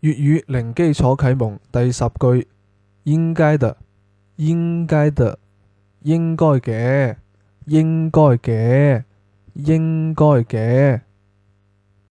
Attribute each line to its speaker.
Speaker 1: 粵語零基礎啟蒙第十句，應該的，應該的，應該嘅，應該嘅，應該嘅。